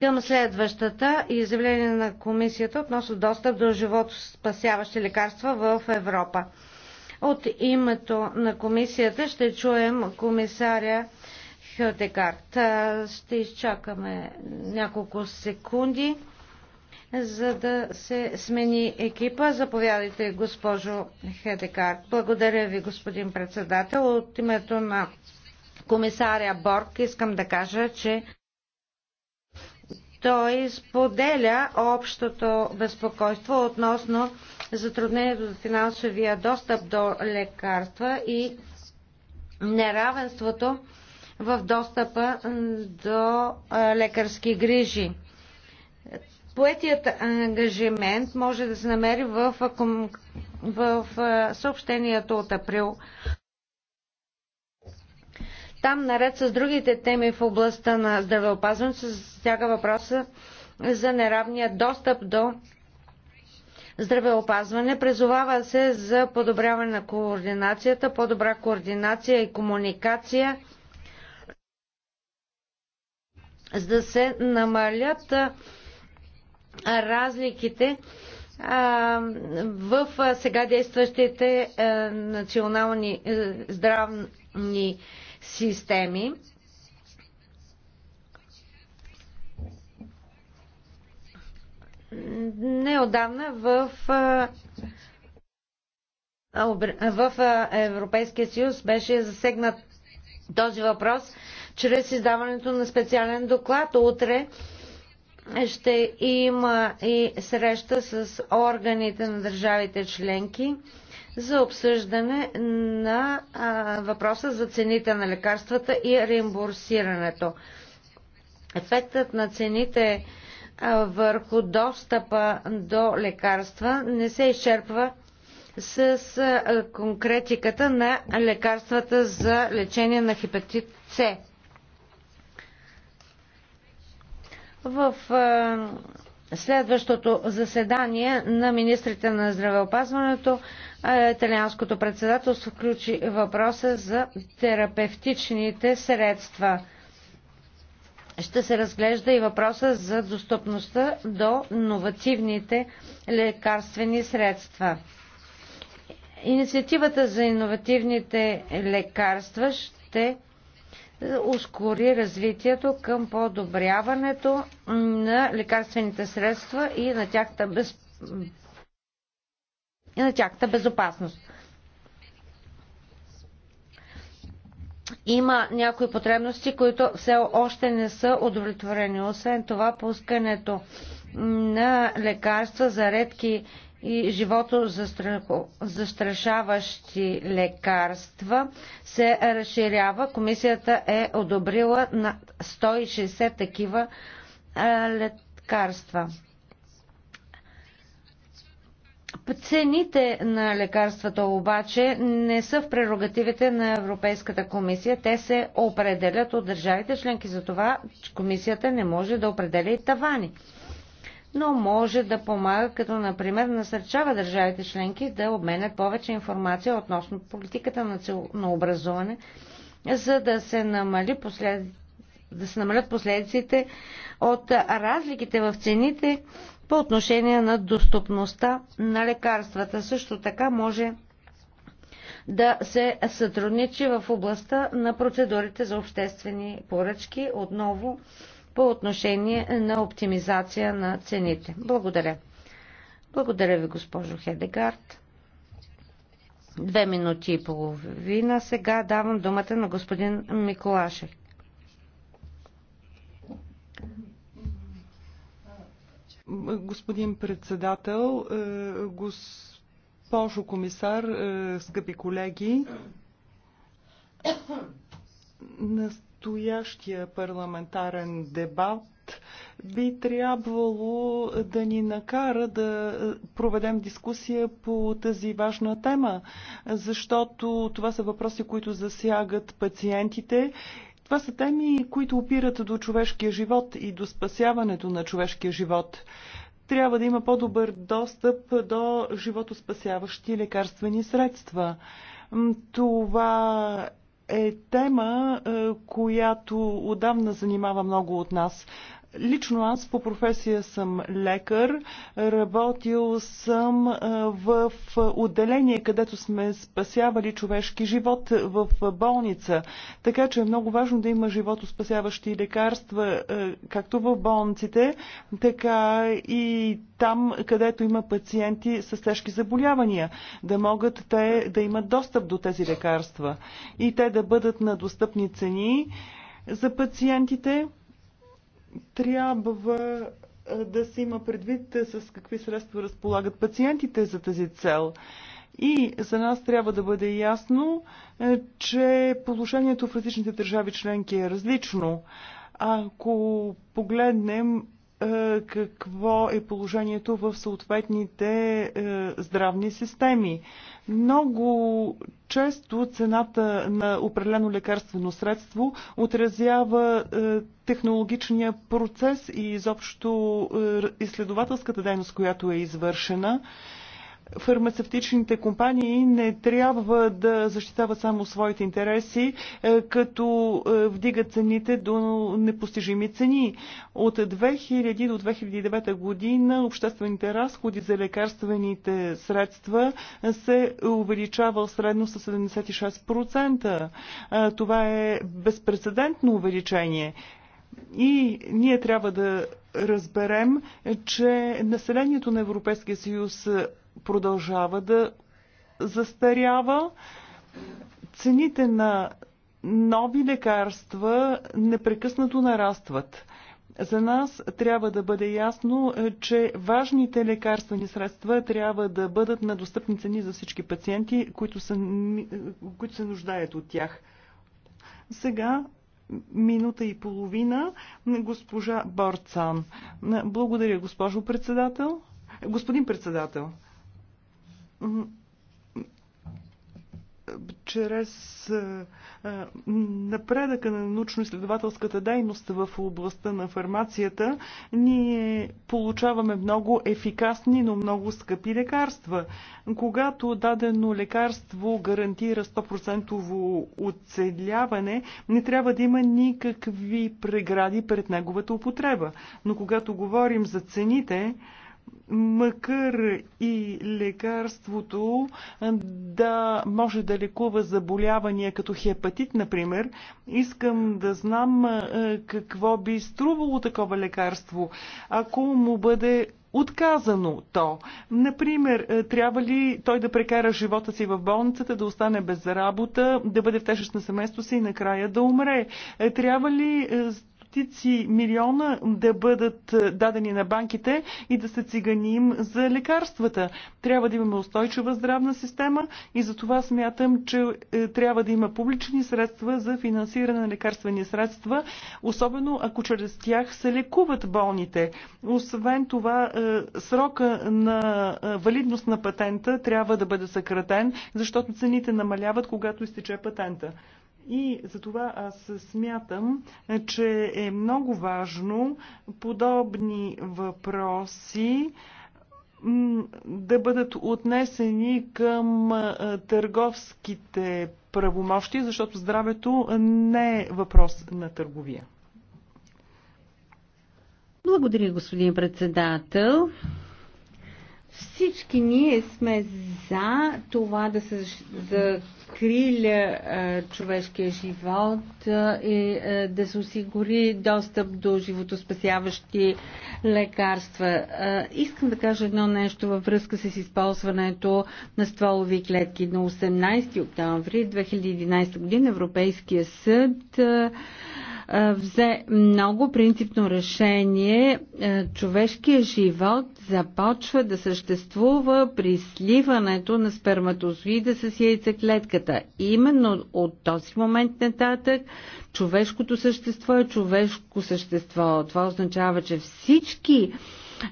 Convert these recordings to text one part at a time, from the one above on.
Към следващата изявление на комисията относно достъп до живото спасяващи лекарства в Европа. От името на комисията ще чуем комисаря Хилтекарт. Ще изчакаме няколко секунди, за да се смени екипа. Заповядайте, госпожо Хедекарт. Благодаря ви, господин председател. От името на комисаря Борг искам да кажа, че той споделя общото безпокойство относно затруднението за финансовия достъп до лекарства и неравенството в достъпа до лекарски грижи. Поетият ангажимент може да се намери в, в съобщението от април там, наред с другите теми в областта на здравеопазването, се засяга въпроса за неравния достъп до здравеопазване. Призовава се за подобряване на координацията, по-добра координация и комуникация, за да се намалят разликите в сега действащите национални здравни системи. Неодавна в в Европейския съюз беше засегнат този въпрос чрез издаването на специален доклад. Утре ще има и среща с органите на държавите членки за обсъждане на а, въпроса за цените на лекарствата и реимбурсирането. Ефектът на цените а, върху достъпа до лекарства не се изчерпва с а, конкретиката на лекарствата за лечение на хепатит С. В а, следващото заседание на министрите на здравеопазването Италианското председателство включи въпроса за терапевтичните средства. Ще се разглежда и въпроса за достъпността до новативните лекарствени средства. Инициативата за иновативните лекарства ще ускори развитието към подобряването на лекарствените средства и на тяхната безопасност и на тяхната безопасност. Има някои потребности, които все още не са удовлетворени. Освен това, пускането на лекарства за редки и живото застрашаващи лекарства се разширява. Комисията е одобрила на 160 такива лекарства. Цените на лекарствата обаче не са в прерогативите на Европейската комисия. Те се определят от държавите членки. Затова комисията не може да определя и тавани. Но може да помага, като например насърчава държавите членки да обменят повече информация относно политиката на, цел... на образуване, за да се, намали послед... да се намалят последиците от разликите в цените по отношение на достъпността на лекарствата. Също така може да се сътрудничи в областта на процедурите за обществени поръчки, отново по отношение на оптимизация на цените. Благодаря. Благодаря ви, госпожо Хедегард. Две минути и половина. Сега давам думата на господин Миколашек. Господин председател, е, госпожо комисар, е, скъпи колеги, настоящия парламентарен дебат би трябвало да ни накара да проведем дискусия по тази важна тема, защото това са въпроси, които засягат пациентите това са теми, които опират до човешкия живот и до спасяването на човешкия живот. Трябва да има по-добър достъп до животоспасяващи лекарствени средства. Това е тема, е, която отдавна занимава много от нас. Лично аз по професия съм лекар. Работил съм в отделение, където сме спасявали човешки живот в болница. Така че е много важно да има животоспасяващи лекарства, както в болниците, така и там, където има пациенти с тежки заболявания, да могат те да имат достъп до тези лекарства и те да бъдат на достъпни цени за пациентите трябва да се има предвид с какви средства разполагат пациентите за тази цел. И за нас трябва да бъде ясно, че положението в различните държави членки е различно. Ако погледнем е, какво е положението в съответните е, здравни системи. Много често цената на определено лекарствено средство отразява е, технологичния процес и изобщо изследователската дейност, която е извършена фармацевтичните компании не трябва да защитават само своите интереси, е, като е, вдигат цените до непостижими цени. От 2000 до 2009 година обществените разходи за лекарствените средства се увеличава средно с 76%. Е, това е безпредседентно увеличение. И ние трябва да разберем, че населението на Европейския съюз продължава да застарява. Цените на нови лекарства непрекъснато нарастват. За нас трябва да бъде ясно, че важните лекарствени средства трябва да бъдат на достъпни цени за всички пациенти, които се, които се нуждаят от тях. Сега минута и половина госпожа Борцан. Благодаря, госпожо председател. Господин председател, чрез напредъка на научно-изследователската дейност в областта на фармацията, ние получаваме много ефикасни, но много скъпи лекарства. Когато дадено лекарство гарантира 100% оцеляване, не трябва да има никакви прегради пред неговата употреба. Но когато говорим за цените, макар и лекарството да може да лекува заболявания като хепатит, например, искам да знам какво би струвало такова лекарство, ако му бъде отказано то. Например, трябва ли той да прекара живота си в болницата, да остане без работа, да бъде в тежест на семейството си и накрая да умре? Трябва ли стотици милиона да бъдат е, дадени на банките и да се циганим за лекарствата. Трябва да имаме устойчива здравна система и за това смятам, че е, трябва да има публични средства за финансиране на лекарствени средства, особено ако чрез тях се лекуват болните. Освен това, е, срока на валидност на патента трябва да бъде съкратен, защото цените намаляват, когато изтече патента. И за това аз смятам, че е много важно подобни въпроси да бъдат отнесени към търговските правомощи, защото здравето не е въпрос на търговия. Благодаря, господин председател. Всички ние сме за това да се закриля а, човешкия живот а, и а, да се осигури достъп до животоспасяващи лекарства. А, искам да кажа едно нещо във връзка с използването на стволови клетки. На 18 октомври 2011 година Европейския съд а, взе много принципно решение. Човешкият живот започва да съществува при сливането на сперматозоида с яйцеклетката. Именно от този момент нататък човешкото същество е човешко същество. Това означава, че всички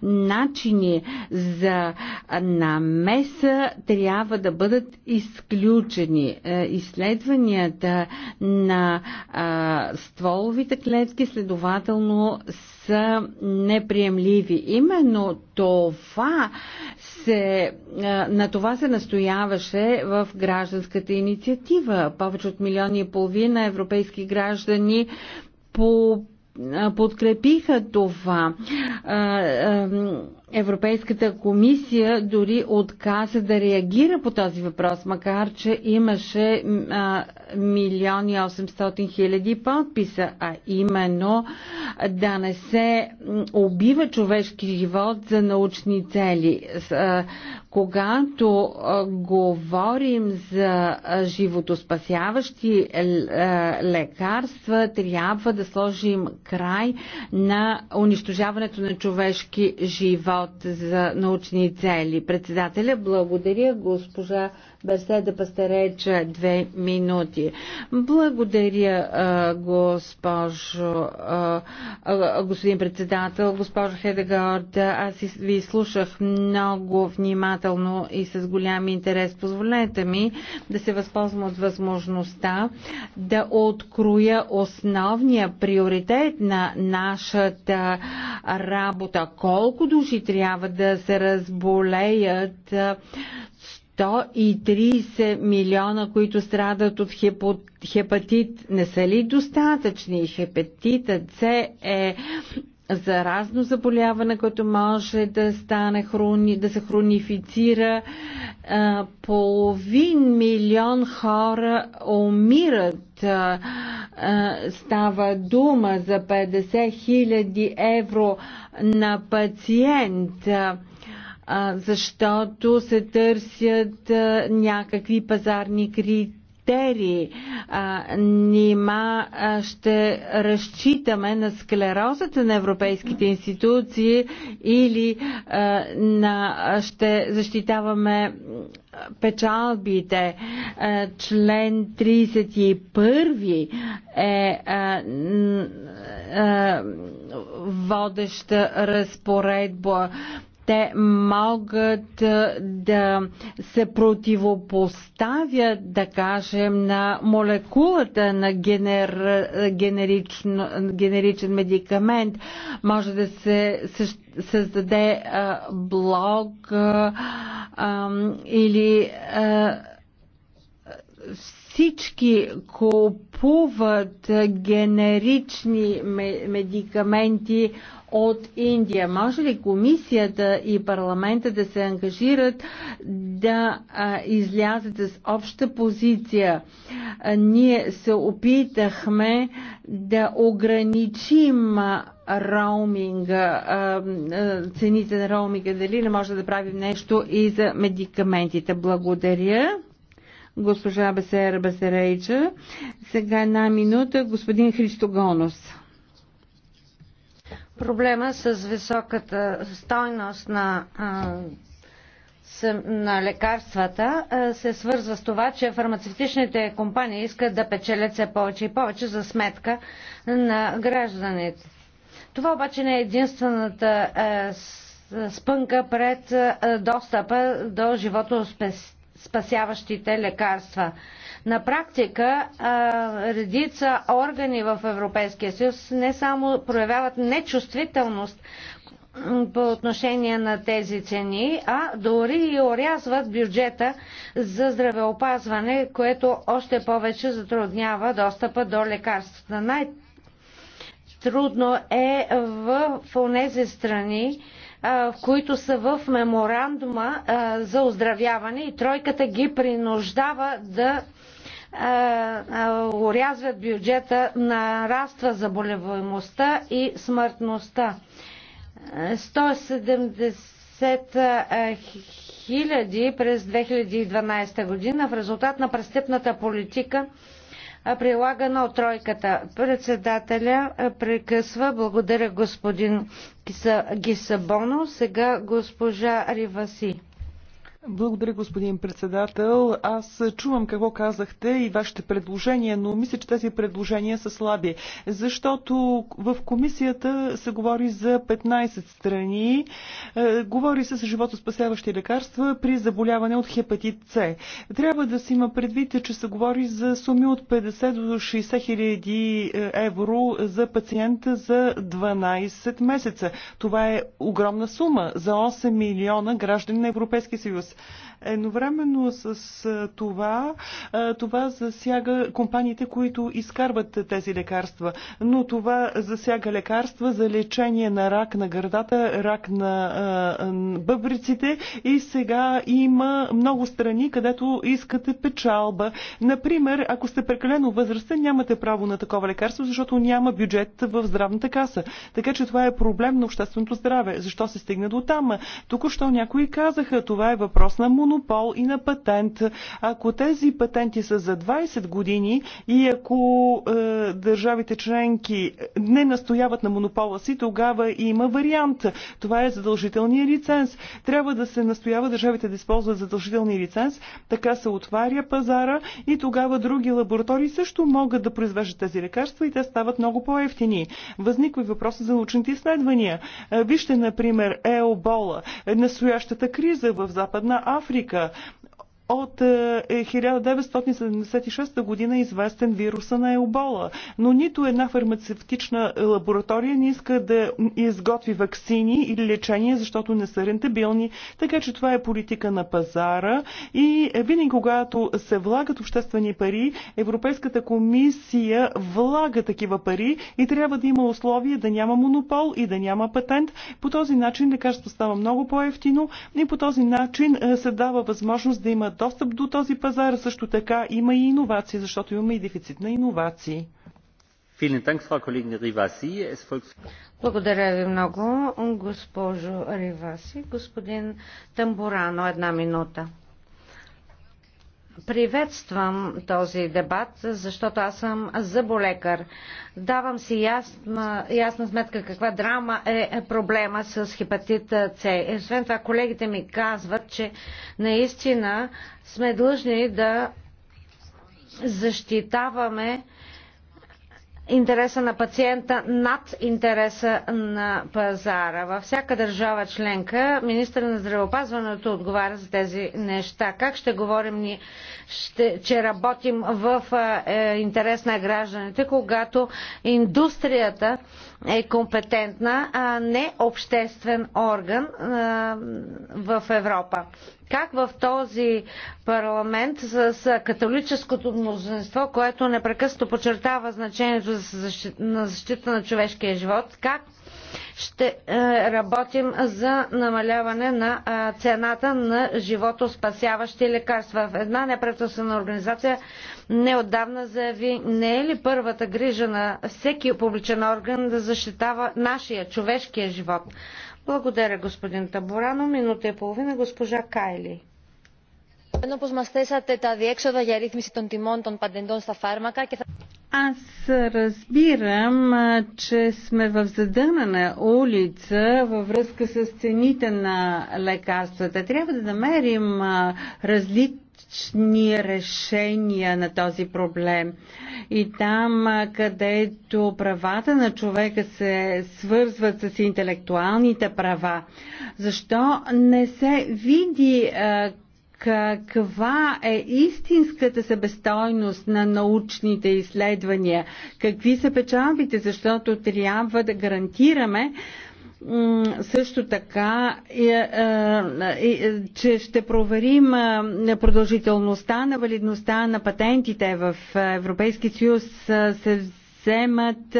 начини за намеса трябва да бъдат изключени. Е, изследванията на стволовите клетки следователно са неприемливи. Именно това се, е, на това се настояваше в гражданската инициатива. Повече от милиони и половина европейски граждани по подкрепиха това. Европейската комисия дори отказа да реагира по този въпрос, макар че имаше милиони 800 хиляди подписа, а именно да не се убива човешки живот за научни цели. Когато говорим за животоспасяващи е, е, лекарства, трябва да сложим край на унищожаването на човешки живот за научни цели. Председателя, благодаря госпожа беседа Пастереча две минути. Благодаря, госпожо, господин председател, госпожо Хедегард. Аз ви слушах много внимателно и с голям интерес. Позволете ми да се възползвам от възможността да откроя основния приоритет на нашата работа. Колко души трябва да се разболеят 130 милиона, които страдат от хепатит, не са ли достатъчни? Хепатита С е заразно заболяване, което може да стане хрони, да се хронифицира. Половин милион хора умират. Става дума за 50 хиляди евро на пациент защото се търсят някакви пазарни критики А, нима а, ще разчитаме на склерозата на европейските институции или а, на, а, ще защитаваме печалбите. А, член 31 е а, а, водеща разпоредба те могат да се противопоставят, да кажем, на молекулата на генер, генерично, генеричен медикамент. Може да се създаде а, блок а, или а, всички купуват генерични медикаменти от Индия. Може ли комисията и парламента да се ангажират да а, излязат с обща позиция? А, ние се опитахме да ограничим роуминга, цените на роуминга, дали не може да правим нещо и за медикаментите. Благодаря госпожа Бесера Басерейча. Сега една минута господин Гонос. Проблема с високата стойност на на лекарствата се свързва с това, че фармацевтичните компании искат да печелят все повече и повече за сметка на гражданите. Това обаче не е единствената спънка пред достъпа до живото спасяващите лекарства. На практика редица органи в Европейския съюз не само проявяват нечувствителност по отношение на тези цени, а дори и орязват бюджета за здравеопазване, което още повече затруднява достъпа до лекарствата. Най-трудно е в тези страни, които са в меморандума за оздравяване и тройката ги принуждава да урязват бюджета, нараства заболеваемостта и смъртността. 170 хиляди през 2012 година в резултат на престъпната политика прилагана от тройката. Председателя прекъсва. Благодаря господин Гисабоно. Сега госпожа Риваси. Благодаря, господин председател. Аз чувам какво казахте и вашите предложения, но мисля, че тези предложения са слаби, защото в комисията се говори за 15 страни. Е, говори се за животоспасяващи лекарства при заболяване от хепатит С. Трябва да си има предвид, че се говори за суми от 50 до 60 хиляди е, евро за пациента за 12 месеца. Това е огромна сума за 8 милиона граждани на Европейския съюз. Едновременно с това, това засяга компаниите, които изкарват тези лекарства. Но това засяга лекарства за лечение на рак на гърдата, рак на бъбриците и сега има много страни, където искате печалба. Например, ако сте прекалено възрастен, нямате право на такова лекарство, защото няма бюджет в здравната каса. Така че това е проблем на общественото здраве. Защо се стигна до там? Току-що някои казаха, това е въпрос въпрос на монопол и на патент. Ако тези патенти са за 20 години и ако е, държавите членки не настояват на монопола си, тогава има вариант. Това е задължителния лиценз. Трябва да се настоява държавите да използват задължителния лиценз, така се отваря пазара и тогава други лаборатории също могат да произвеждат тези лекарства и те стават много по-ефтини. Възниква и въпроса за научните изследвания. Е, вижте, например, Еобола, настоящата криза в Западна Северна Африка. От 1976 е, е година е известен вируса на ебола, но нито една фармацевтична е, лаборатория не иска да изготви вакцини или лечения, защото не са рентабилни. Така че това е политика на пазара и винаги когато се влагат обществени пари, Европейската комисия влага такива пари и трябва да има условия да няма монопол и да няма патент. По този начин лекарство става много по-ефтино и по този начин се дава възможност да има имат достъп до този пазар, също така има и иновации, защото имаме и дефицит на иновации. Благодаря ви много, госпожо Риваси. Господин Тамбурано, една минута. Приветствам този дебат, защото аз съм заболекар. Давам си ясна, ясна сметка каква драма е проблема с хепатит С. Освен това, колегите ми казват, че наистина сме длъжни да защитаваме интереса на пациента над интереса на пазара. Във всяка държава членка министър на здравеопазването отговаря за тези неща. Как ще говорим ни, ще, че работим в е, интерес на гражданите, когато индустрията е компетентна, а не обществен орган в Европа. Как в този парламент с католическото мнозинство, което непрекъснато подчертава значението на защита на човешкия живот, как ще е, работим за намаляване на е, цената на живото спасяващи лекарства. В една непредставена организация неотдавна заяви, не е ли първата грижа на всеки публичен орган да защитава нашия човешкия живот? Благодаря, господин Таборано. Минута и половина, госпожа Кайли. Аз разбирам, че сме в задънена улица във връзка с цените на лекарствата. Трябва да намерим разлик ни решения на този проблем. И там, където правата на човека се свързват с интелектуалните права, защо не се види каква е истинската себестойност на научните изследвания, какви са печалбите, защото трябва да гарантираме, също така, е, е, е, че ще проверим продължителността на валидността на патентите в Европейски съюз се вземат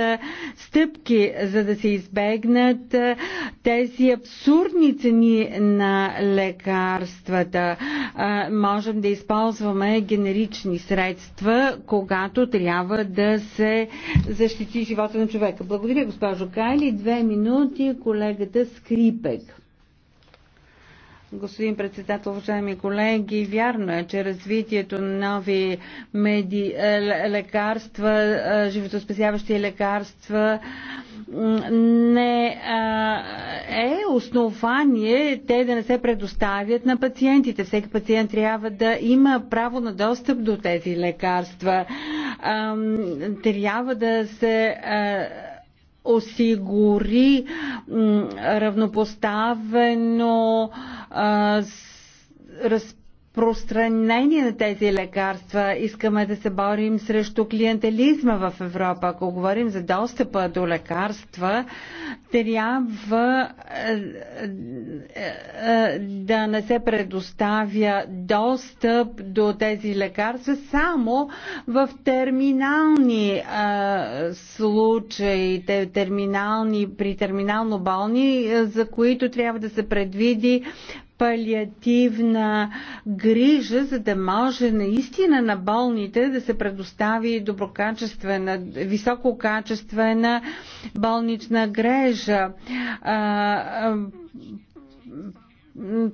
стъпки, за да се избегнат тези абсурдни цени на лекарствата. Можем да използваме генерични средства, когато трябва да се защити живота на човека. Благодаря, госпожо Кайли. Две минути колегата Скрипек. Господин председател, уважаеми колеги, вярно е, че развитието на нови меди, е, лекарства, е, животоспасяващи лекарства, не а, е, е основание те да не се предоставят на пациентите. Всеки пациент трябва да има право на достъп до тези лекарства. А, трябва да се. А, осигури равнопоставено разпределение разпространение на тези лекарства. Искаме да се борим срещу клиентелизма в Европа. Ако говорим за достъпа до лекарства, трябва е, е, е, да не се предоставя достъп до тези лекарства само в терминални случаи, терминални, при терминално болни, за които трябва да се предвиди палиативна грижа, за да може наистина на болните да се предостави доброкачествена, висококачествена болнична грежа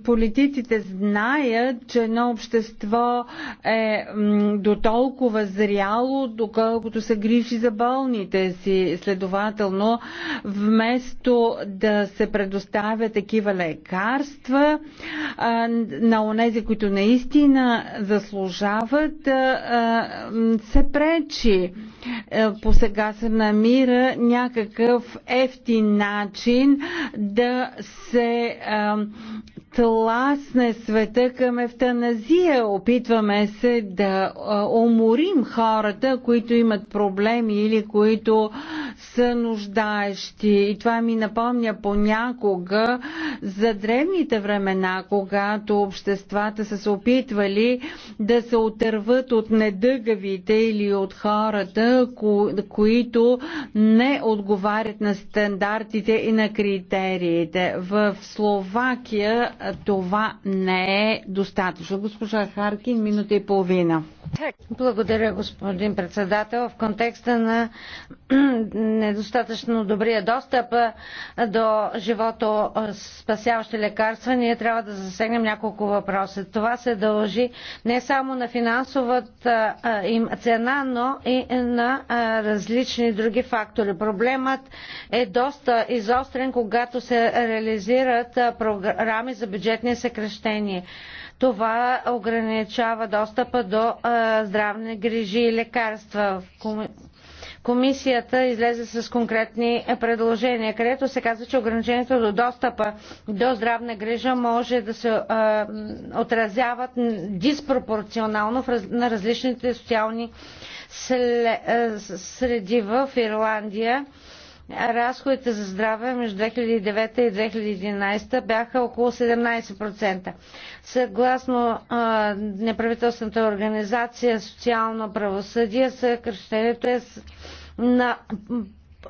политиците знаят, че едно общество е до толкова зряло, доколкото се грижи за болните си. Следователно, вместо да се предоставя такива лекарства на онези, които наистина заслужават, се пречи. Е, по сега се намира някакъв ефтин начин да се тласне света към евтаназия. Опитваме се да уморим хората, които имат проблеми или които са нуждаещи. И това ми напомня понякога за древните времена, когато обществата са се опитвали да се отърват от недъгавите или от хората, които не отговарят на стандартите и на критериите. В Словакия това не е достатъчно. Госпожа Харкин, минута и половина. Благодаря, господин председател. В контекста на недостатъчно добрия достъп до живото спасяващи лекарства, ние трябва да засегнем няколко въпроса. Това се дължи не само на финансовата им цена, но и на различни други фактори. Проблемът е доста изострен, когато се реализират програми за бюджетни съкрещения. Това ограничава достъпа до здравни грижи и лекарства. Комисията излезе с конкретни предложения, където се казва, че ограничението до достъпа до здравна грижа може да се а, отразяват диспропорционално на различните социални среди в Ирландия. Разходите за здраве между 2009 и 2011 бяха около 17%. Съгласно а, неправителствената организация Социално правосъдие, съкръщението е на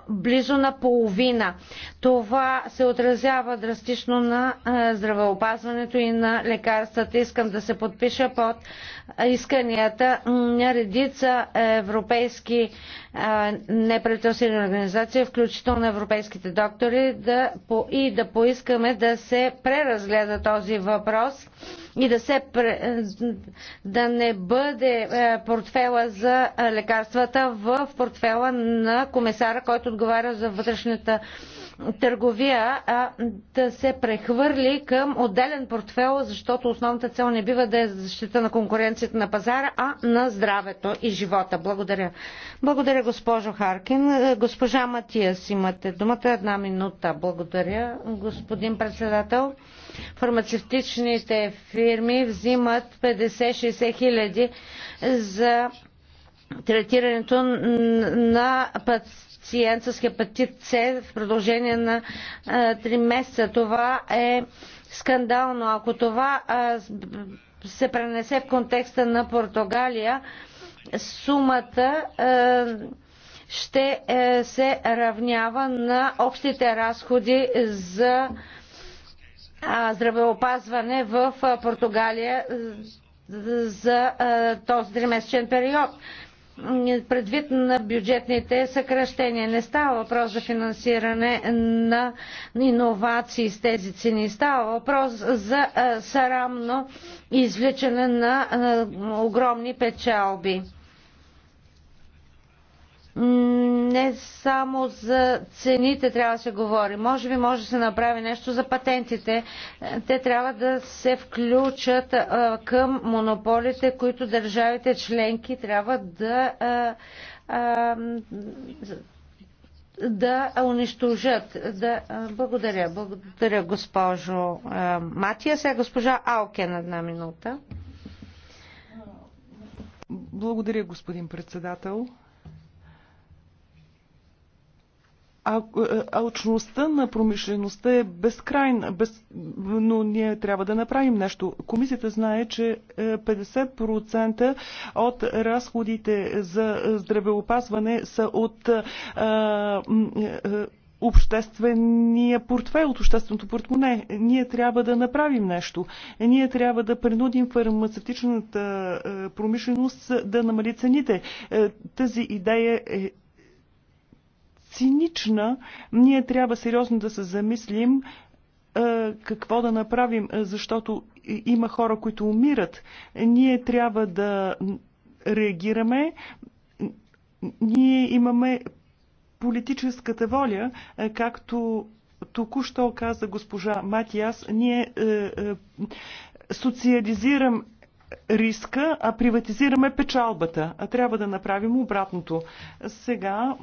близо на половина. Това се отразява драстично на здравеопазването и на лекарствата. Искам да се подпиша под исканията на редица европейски неправителствени организации, включително европейските доктори, да, по, и да поискаме да се преразгледа този въпрос и да, се, да не бъде портфела за лекарствата в портфела на комисара, който отговаря за вътрешната търговия, а да се прехвърли към отделен портфел, защото основната цел не бива да е защита на конкуренцията на пазара, а на здравето и живота. Благодаря. Благодаря, госпожо Харкин. Госпожа Матиас, имате думата една минута. Благодаря, господин председател. Фармацевтичните фирми взимат 50-60 хиляди за третирането на пациента пациент с хепатит С в продължение на 3 месеца. Това е скандално. Ако това се пренесе в контекста на Португалия, сумата ще е, се равнява на общите разходи за здравеопазване в Португалия за този тримесечен период предвид на бюджетните съкръщения. Не става въпрос за финансиране на иновации с тези цени. Става въпрос за сарамно извличане на огромни печалби не само за цените трябва да се говори. Може би може да се направи нещо за патентите. Е, те трябва да се включат а, към монополите, които държавите членки трябва да, а, а, да унищожат. Да, благодаря. Благодаря, госпожо Матия. Сега госпожа Алкен една минута. Благодаря, господин председател. алчността е, на промишлеността е безкрайна, без... но ние трябва да направим нещо. Комисията знае, че 50% е, от разходите за здравеопазване са от а, е, обществения портфел, от общественото портмоне. Ние трябва да направим нещо. Ние трябва да принудим фармацевтичната промишленост да намали цените. Тази идея е цинична, ние трябва сериозно да се замислим е, какво да направим, е, защото има хора, които умират. Ние трябва да реагираме. Ние имаме политическата воля, е, както току-що каза госпожа Матиас, ние е, е, социализирам риска, а приватизираме печалбата. А трябва да направим обратното. Сега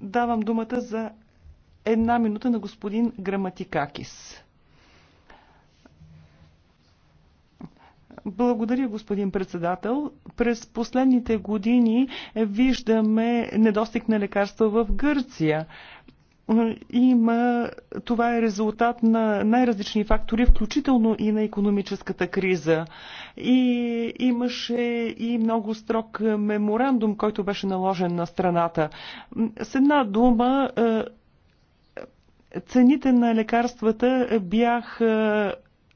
Давам думата за една минута на господин Граматикакис. Благодаря, господин председател. През последните години виждаме недостиг на лекарства в Гърция. Е, има, това е резултат на най-различни фактори, включително и на економическата криза. И имаше и много строг е, меморандум, който беше наложен на страната. С една дума, е, цените на лекарствата бяха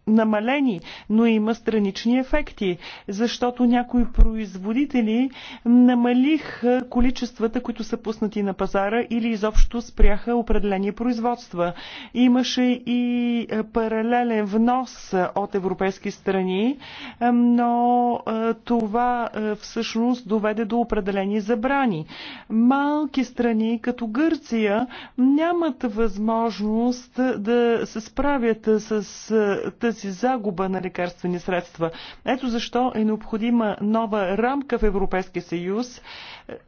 намалени, но има странични ефекти, защото някои производители намалиха количествата, които са пуснати на пазара или изобщо спряха определени производства. Имаше и е, паралелен внос от европейски страни, е, но е, това всъщност доведе до определени забрани. Малки страни, като Гърция, нямат възможност да се справят с тази тази загуба на лекарствени средства. Ето защо е необходима нова рамка в Европейския съюз, е,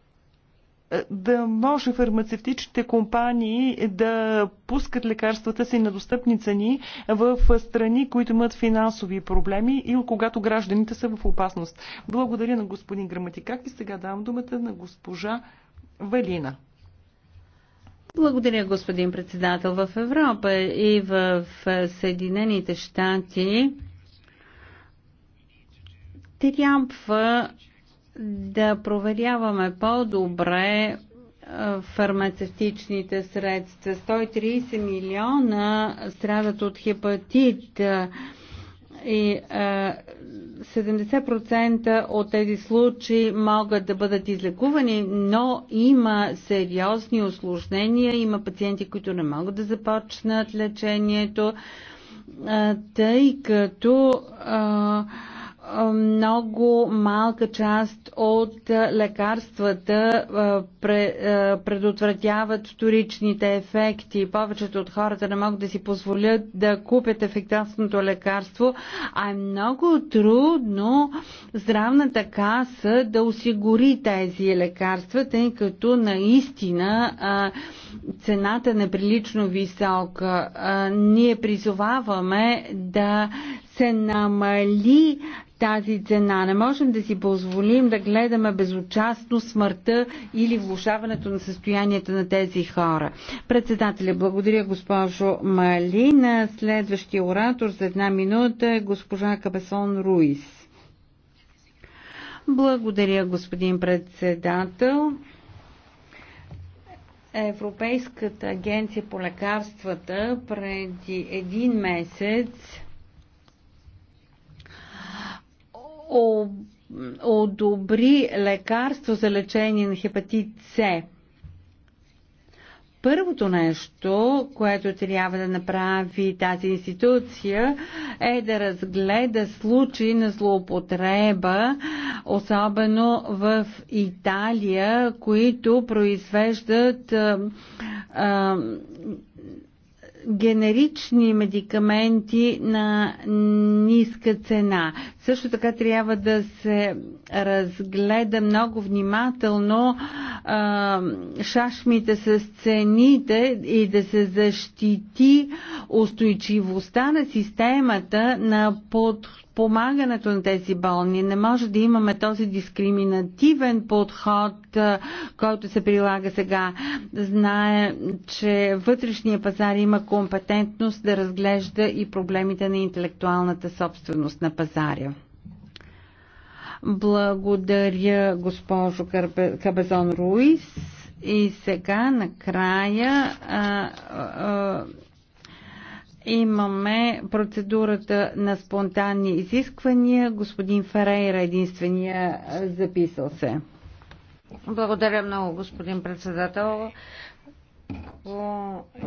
да може фармацевтичните компании да пускат лекарствата си на достъпни цени в страни, които имат финансови проблеми и когато гражданите са в опасност. Благодаря на господин Граматикак и сега давам думата на госпожа Валина. Благодаря, господин председател. В Европа и в Съединените щати трябва да проверяваме по-добре фармацевтичните средства. 130 милиона страдат от хепатит. И е, а, 70% от тези случаи могат да бъдат излекувани, но има сериозни осложнения, има пациенти, които не могат да започнат лечението, а, е, тъй като а, е, много малка част от лекарствата предотвратяват вторичните ефекти. Повечето от хората не могат да си позволят да купят ефективното лекарство, а е много трудно здравната каса да осигури тези лекарства, тъй като наистина цената е неприлично висока. Ние призоваваме да се намали тази цена. Не можем да си позволим да гледаме безучастно смъртта или влушаването на състоянието на тези хора. Председателя, благодаря госпожо Малина. Следващия оратор за една минута е госпожа Кабесон Руис. Благодаря, господин председател. Европейската агенция по лекарствата преди един месец одобри лекарство за лечение на хепатит С. Първото нещо, което трябва да направи тази институция е да разгледа случаи на злоупотреба, особено в Италия, които произвеждат а, а, генерични медикаменти на ниска цена. Също така трябва да се разгледа много внимателно а, шашмите с цените и да се защити устойчивостта на системата на подпомагането на тези болни. Не може да имаме този дискриминативен подход, който се прилага сега. Знае, че вътрешния пазар има компетентност да разглежда и проблемите на интелектуалната собственост на пазаря. Благодаря, госпожо Кабезон Руис. И сега, накрая, а, а, имаме процедурата на спонтанни изисквания. Господин Ферейра единствения записал се. Благодаря много, господин председател.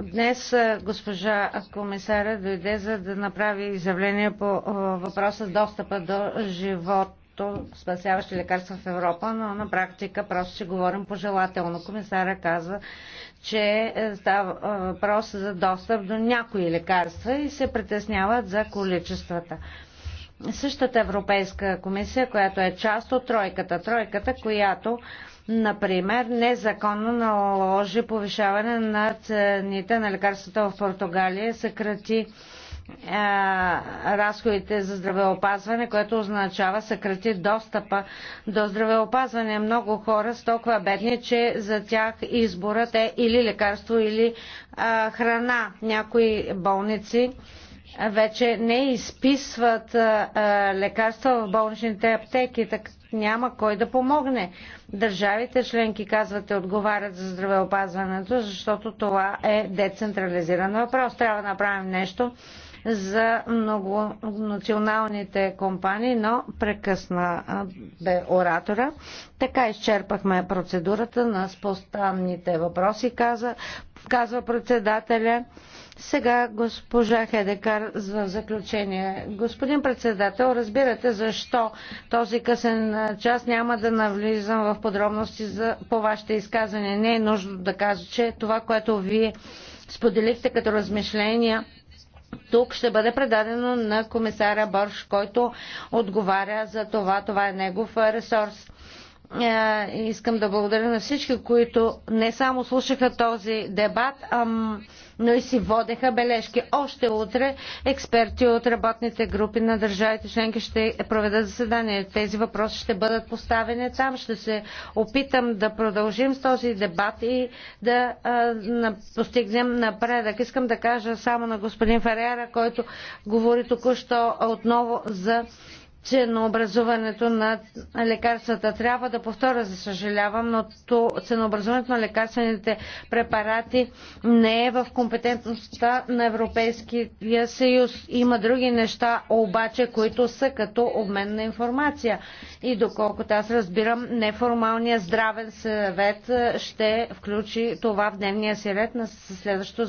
Днес госпожа комисаря дойде за да направи изявление по въпроса достъпа до живот като спасяващи лекарства в Европа, но на практика просто ще говорим пожелателно. Комисаря казва, че е, става е, въпрос за достъп до някои лекарства и се притесняват за количествата същата Европейска комисия, която е част от тройката. Тройката, която, например, незаконно наложи повишаване на цените на лекарствата в Португалия, съкрати е, разходите за здравеопазване, което означава съкрати достъпа до здравеопазване. Много хора са толкова бедни, че за тях изборът е или лекарство, или а, храна. Някои болници вече не изписват а, лекарства в болничните аптеки, така няма кой да помогне. Държавите членки, казвате, отговарят за здравеопазването, защото това е децентрализиран въпрос. Трябва да направим нещо за многонационалните компании, но прекъсна бе оратора. Така изчерпахме процедурата на спостанните въпроси, каза, казва председателя. Сега госпожа Хедекар за заключение. Господин председател, разбирате защо този късен час няма да навлизам в подробности за, по вашите изказвания. Не е нужно да кажа, че това, което вие споделихте като размишления тук ще бъде предадено на комисаря Борш, който отговаря за това. Това е негов ресурс. Искам да благодаря на всички, които не само слушаха този дебат, а но и си водеха бележки. Още утре експерти от работните групи на държавите членки ще проведат заседание. Тези въпроси ще бъдат поставени там. Ще се опитам да продължим с този дебат и да а, постигнем напредък. Искам да кажа само на господин Фарера, който говори току-що отново за ценообразуването на лекарствата. Трябва да повторя, за съжалявам, но то, ценообразуването на лекарствените препарати не е в компетентността на Европейския съюз. Има други неща, обаче, които са като обмен на информация. И доколкото аз разбирам, неформалният здравен съвет ще включи това в дневния си ред на следващото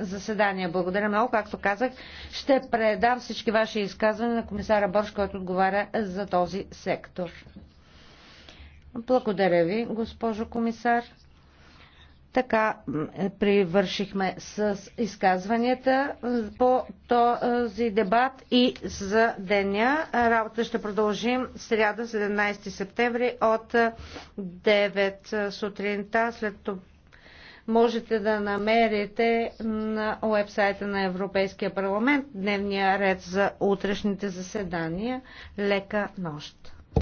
заседание. Благодаря много. Както казах, ще предам всички ваши изказвания на комисара Борш, който отговаря за този сектор. Благодаря ви, госпожо комисар. Така е, привършихме с изказванията е, по този дебат и за деня. Работа ще продължим сряда 17 септември от 9 сутринта след това можете да намерите на уебсайта на Европейския парламент дневния ред за утрешните заседания. Лека нощ!